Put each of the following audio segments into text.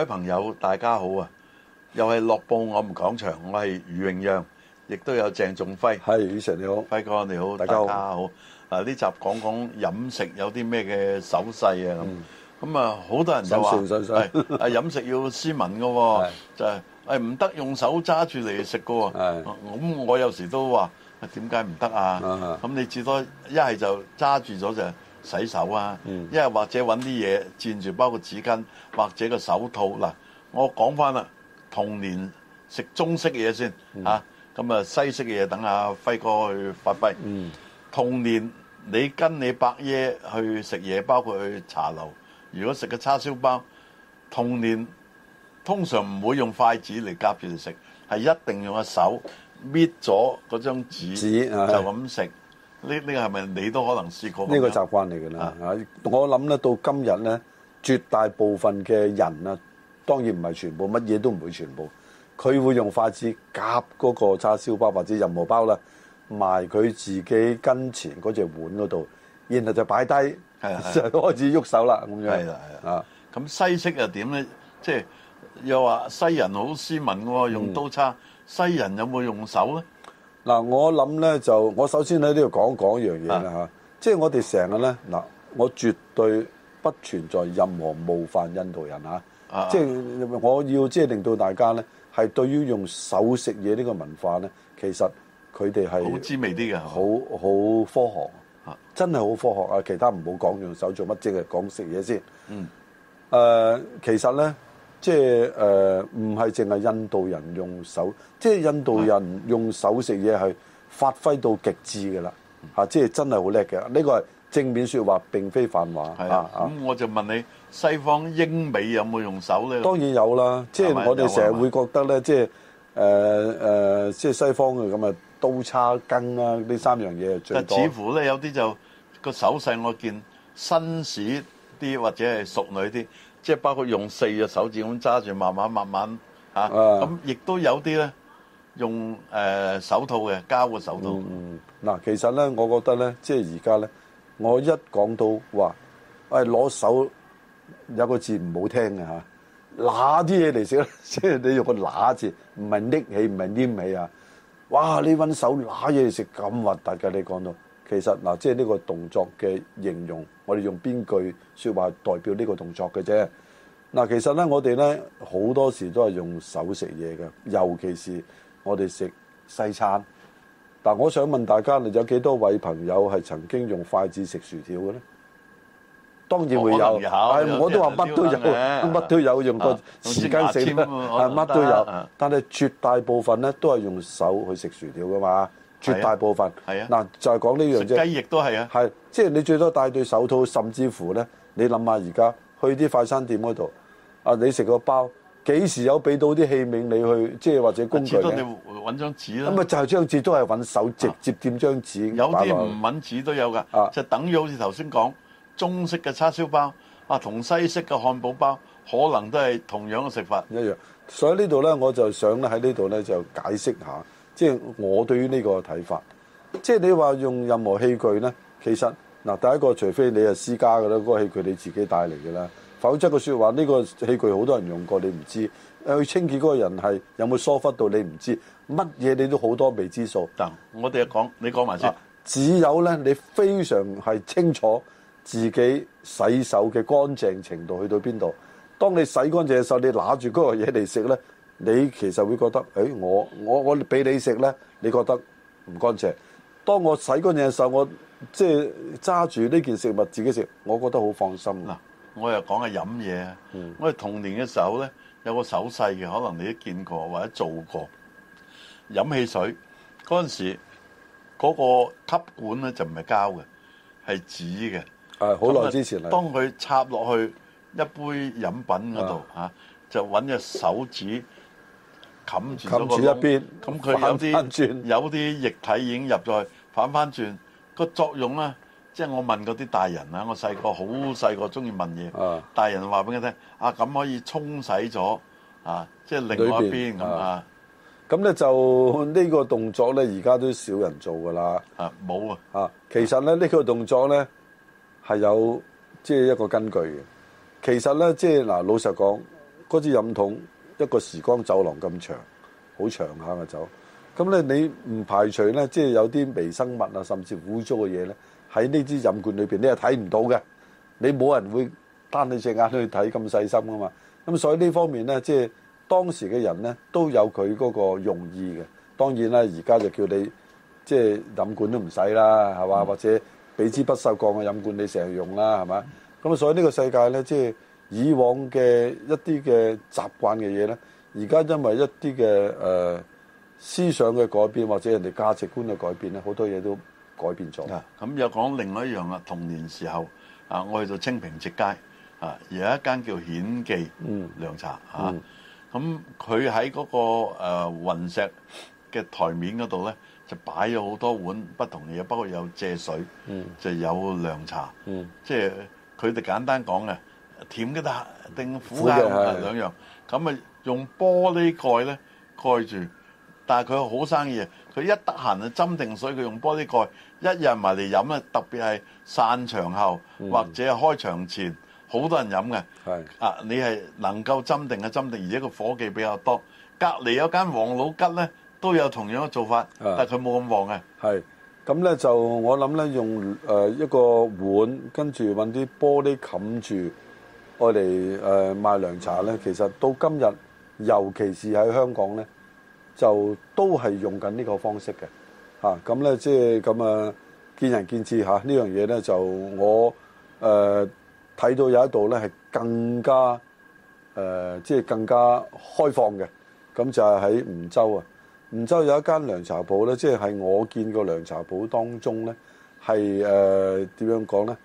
各位朋友，大家好啊！又係樂報我們講場，我係余榮讓，亦都有鄭仲輝。係宇成你好，輝哥你好，大家好。啊，呢集講講飲食有啲咩嘅手勢啊咁。咁啊，好多人就話，飲食要斯文㗎喎，就係誒唔得用手揸住嚟食㗎喎。咁我有時都話：點解唔得啊？咁你至多一係就揸住咗隻。洗手啊，因、嗯、係或者揾啲嘢佔住，包括紙巾或者個手套嗱。我講翻啦，童年食中式嘢先嚇，咁、嗯、啊西式嘢等下輝哥去發揮、嗯。童年你跟你伯爺去食嘢，包括去茶樓，如果食個叉燒包，童年通常唔會用筷子嚟夾住食，係一定用個手搣咗嗰張紙就咁食。呢呢係咪你都可能試過噉？呢個習慣嚟㗎啦！啊，我諗咧到今日咧，絕大部分嘅人啊，當然唔係全部，乜嘢都唔會全部。佢會用筷子夾嗰個叉燒包或者任何包啦，埋佢自己跟前嗰隻碗嗰度，然後就擺低、啊，就開始喐手啦咁、啊、樣。係啦，啊，咁、啊、西式又點咧？即係又話西人好斯文喎，用刀叉。嗯、西人有冇用手咧？嗱，我諗咧就，我首先喺呢度講講一樣嘢啦吓，即、啊、係、啊就是、我哋成日咧，嗱、啊，我絕對不存在任何冒犯印度人吓，即、啊、係、啊啊就是、我要即係令到大家咧，係對於用手食嘢呢個文化咧，其實佢哋係好滋味啲嘅，好好科學吓、啊，真係好科學啊！其他唔好講用手做乜即係講食嘢先。嗯，誒、啊，其實咧。即係誒，唔係淨係印度人用手，即係印度人用手食嘢係發揮到極致㗎啦、嗯，即係真係好叻嘅，呢、這個係正面說話，並非反話啊！咁、啊、我就問你，西方英美有冇用手咧？當然有啦，即係我哋成日會覺得咧，即係誒誒，即係西方嘅咁啊，刀叉羹啦、啊，呢三樣嘢最多。但似乎咧有啲就個手勢，我見紳士。啲或者係淑女啲，即係包括用四隻手指咁揸住，慢慢慢慢吓。咁亦都有啲咧用誒手套嘅膠嘅手套。嗯嗯。嗱，其實咧，我覺得咧，即係而家咧，我一講到話，誒攞手有個字唔好聽嘅吓，拿啲嘢嚟食咧，即係你用個拿字，唔係拎起，唔係黏起啊！哇，你揾手拿嘢嚟食咁核突㗎，你講到。其實嗱，即係呢個動作嘅形容，我哋用邊句説話代表呢個動作嘅啫。嗱，其實咧，我哋咧好多時都係用手食嘢嘅，尤其是我哋食西餐。嗱，我想問大家，你有幾多位朋友係曾經用筷子食薯條嘅咧？當然會有，我，有但我都話乜都有，乜都有用個匙羹食乜都有。但係絕大部分咧都係用手去食薯條嘅嘛。絕大部分係啊，嗱就係講呢樣啫。食雞翼都係啊，係即係你最多戴對手套，啊、甚至乎咧，你諗下而家去啲快餐店嗰度，啊，你食個包，幾時有俾到啲器皿你去，即係或者工具嘅？最多你搵張紙啦。咁咪就係張紙都係搵手直接掂張紙。張紙啊、有啲唔搵紙都有㗎、啊，就等於好似頭先講中式嘅叉燒包，啊同西式嘅漢堡包，可能都係同樣嘅食法。一樣，所以呢度咧我就想咧喺呢度咧就解釋下。即係我對於呢個睇法，即係你話用任何器具呢，其實嗱第一個除非你係私家嘅啦，嗰個器具你自己帶嚟嘅啦，否則個說話呢個器具好多人用過，你唔知去清潔嗰個人係有冇疏忽到，你唔知乜嘢你都好多未知數。我哋講你講埋先，只有呢，你非常係清楚自己洗手嘅乾淨程度去到邊度，當你洗乾淨嘅時候，你拿住嗰個嘢嚟食呢。你其實會覺得，誒、哎、我我我俾你食咧，你覺得唔乾淨。當我洗乾淨嘅時候，我即係揸住呢件食物自己食，我覺得好放心。嗱、啊，我又講下飲嘢、嗯。我哋童年嘅時候咧，有個手勢嘅，可能你都見過或者做過飲汽水嗰陣時，嗰個吸管咧就唔係膠嘅，係紙嘅。啊、好耐之前啦。當佢插落去一杯飲品嗰度、啊啊、就搵隻手指。冚住住一邊，咁佢有啲轉有啲液體已經入咗去，反翻轉個作用咧，即係我問嗰啲大人啦，我細個好細個中意問嘢，啊，大人話俾佢聽，啊咁可以沖洗咗，啊即係另外一邊咁啊，咁咧就呢個動作咧而家都少人做噶啦，啊冇啊，啊其實咧呢個動作咧係有即係一個根據嘅，其實咧即係嗱老實講嗰支飲筒。一個時光走廊咁長，好長下嘅走，咁咧你唔排除咧，即係有啲微生物啊，甚至污糟嘅嘢咧，喺呢支飲管裏邊你係睇唔到嘅。你冇人會單你隻眼去睇咁細心啊嘛。咁所以呢方面咧，即係當時嘅人咧都有佢嗰個用意嘅。當然啦，而家就叫你即係飲管都唔使啦，係嘛？或者俾支不鏽鋼嘅飲管你成日用啦，係嘛？咁所以呢個世界咧，即係。以往嘅一啲嘅習慣嘅嘢咧，而家因為一啲嘅誒思想嘅改變，或者人哋價值觀嘅改變咧，好多嘢都改變咗。啊，咁又講另外一樣啊，童年時候啊，我去到清平直街啊，有一間叫顯記涼茶啊，咁佢喺嗰個誒雲石嘅台面嗰度咧，就擺咗好多碗不同嘅嘢，包括有蔗水、嗯，就有涼茶。嗯，嗯即係佢哋簡單講嘅。甜嘅定苦嘅兩樣，咁啊用玻璃蓋咧蓋住，但佢好生意，佢一得閒就斟定水，佢用玻璃蓋，一入埋嚟飲咧，特別係散場後、嗯、或者開場前，好多人飲嘅。啊，你係能夠斟定嘅斟定，而且個伙計比較多。隔離有間王老吉咧，都有同樣嘅做法，但佢冇咁旺嘅。係咁咧，就我諗咧用誒一個碗，跟住搵啲玻璃冚住。我哋誒賣涼茶咧，其實到今日，尤其是喺香港咧，就都係用緊呢個方式嘅，咁咧，即係咁啊，啊、見仁見智下，啊、呢樣嘢咧，就我誒、呃、睇到有一度咧係更加誒，即係更加開放嘅，咁就係喺梧州啊，梧州有一間涼茶鋪咧，即係喺我見過涼茶鋪當中咧係誒點樣講咧？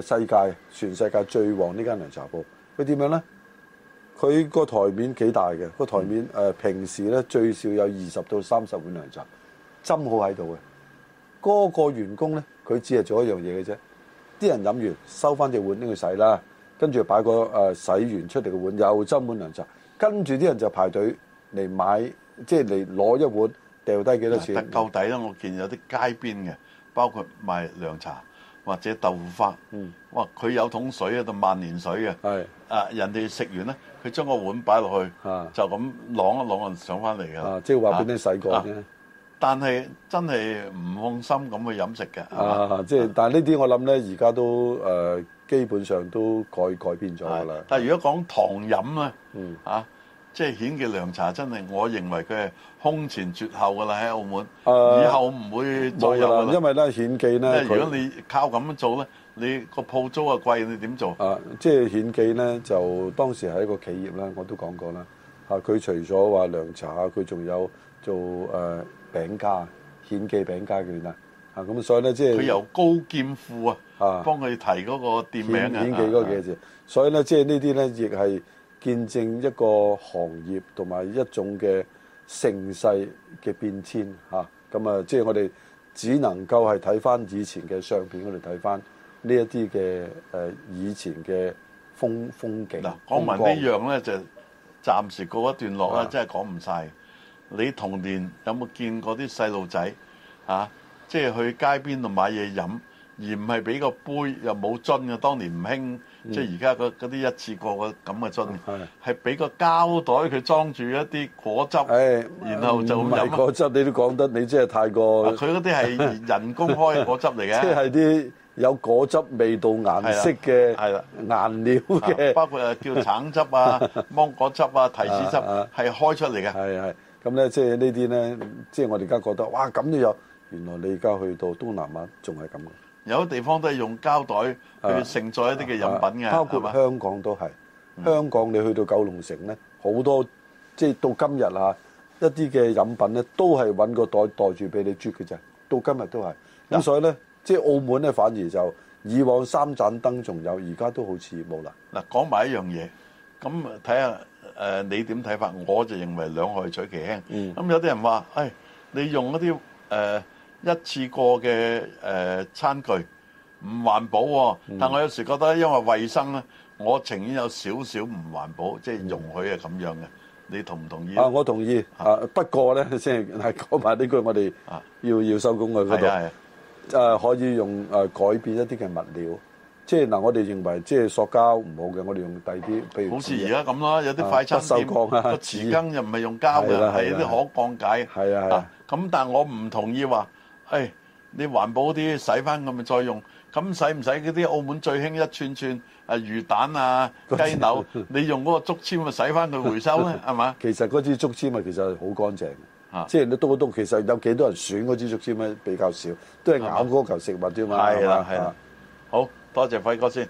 誒，世界，全世界最旺呢間涼茶鋪，佢點樣呢？佢個台面幾大嘅，個台面誒、嗯、呃，平時咧最少有二十到三十碗涼茶，斟好喺度嘅。嗰、嗰個員工咧，佢只係做一樣嘢嘅啫。啲人飲完收翻隻碗拎去洗啦，跟住擺個誒洗完出嚟嘅碗又斟滿涼茶，跟住啲人就排隊嚟買，即係嚟攞一碗掉低幾多錢？夠抵啦！我見有啲街邊嘅，包括賣涼茶。或者豆腐花，嗯、哇！佢有桶水喺度萬年水嘅，啊人哋食完咧，佢將個碗擺落去，啊、就咁啷一啷上翻嚟嘅，即係話俾你洗過啫、啊。但係真係唔放心咁去飲食嘅，啊即係、啊啊、但係呢啲我諗咧，而家都誒、呃、基本上都改改變咗噶啦。但係如果講糖飲呢？啊。嗯啊即係顯記涼茶，真係我認為佢係空前絕後噶啦喺澳門，以後唔會再有、啊就是、因為咧，顯記咧，如果你靠咁樣做咧，你個鋪租又貴，你點做？啊，即係顯記咧，就當時係一個企業啦，我都講過啦。啊，佢除咗話涼茶，佢仲有做誒、啊、餅家，顯記餅家嗰啲啊，咁所以咧，即係佢由高劍父啊，啊，幫佢提嗰個店名啊，顯記嗰幾個字。啊、所以咧，即、就、係、是、呢啲咧，亦係。見證一個行業同埋一種嘅盛世嘅變遷嚇，咁啊，嗯、即係我哋只能夠係睇翻以前嘅相片，我哋睇翻呢一啲嘅誒以前嘅風風景。嗱，講埋呢樣咧，就暫時過一段落啦，啊、真係講唔晒，你童年有冇見過啲細路仔啊？即係去街邊度買嘢飲，而唔係俾個杯又冇樽嘅，當年唔興。嗯、即係而家嗰啲一次過嘅咁嘅樽，係係俾個膠袋佢裝住一啲果汁，然後就有果汁。你都講得，你真係太過。佢嗰啲係人工開嘅果汁嚟嘅。即係啲有果汁味道顏色嘅顏料嘅，包括叫橙汁啊、芒果汁啊、提子汁，係開出嚟嘅。係係咁咧，即係呢啲咧，即係我哋而家覺得哇，咁都有，原來你而家去到東南亞仲係咁。有啲地方都係用膠袋去承載一啲嘅飲品嘅，包括香港都係。香港你去到九龍城咧，好多即係到今日啊一啲嘅飲品咧，都係搵個袋袋住俾你啜嘅啫。到今日都係。咁所以咧，即係澳門咧，反而就以往三盞燈仲有，而家都好似冇啦。嗱，講埋一樣嘢，咁睇下誒你點睇法？我就認為兩害取其輕。咁有啲人話：誒，你用嗰啲誒。一次過嘅誒餐具唔環保喎，但係我有時覺得因為衞生咧，我情願有少少唔環保，即係容許係咁樣嘅。你同唔同意啊？我同意啊，不過咧，即係講埋呢句，我哋要要收工嘅嗰度，誒可以用誒改變一啲嘅物料，即係嗱，我哋認為即係塑膠唔好嘅，我哋用第啲，譬如好似而家咁啦，有啲快餐業個匙羹又唔係用膠嘅，係一啲可降解，係啊係啊，咁但係我唔同意話。誒你環保啲洗翻咁咪再用，咁使唔使嗰啲澳門最興一串串誒魚蛋啊雞柳？你用嗰個竹籤咪洗翻佢回收咧，係嘛？其實嗰支竹籤咪其實係好乾淨，嚇！即係你篤一篤，其實有幾多人選嗰支竹籤咧比較少，都係咬嗰嚿食物啫嘛。係啦係啦，好多謝輝哥先。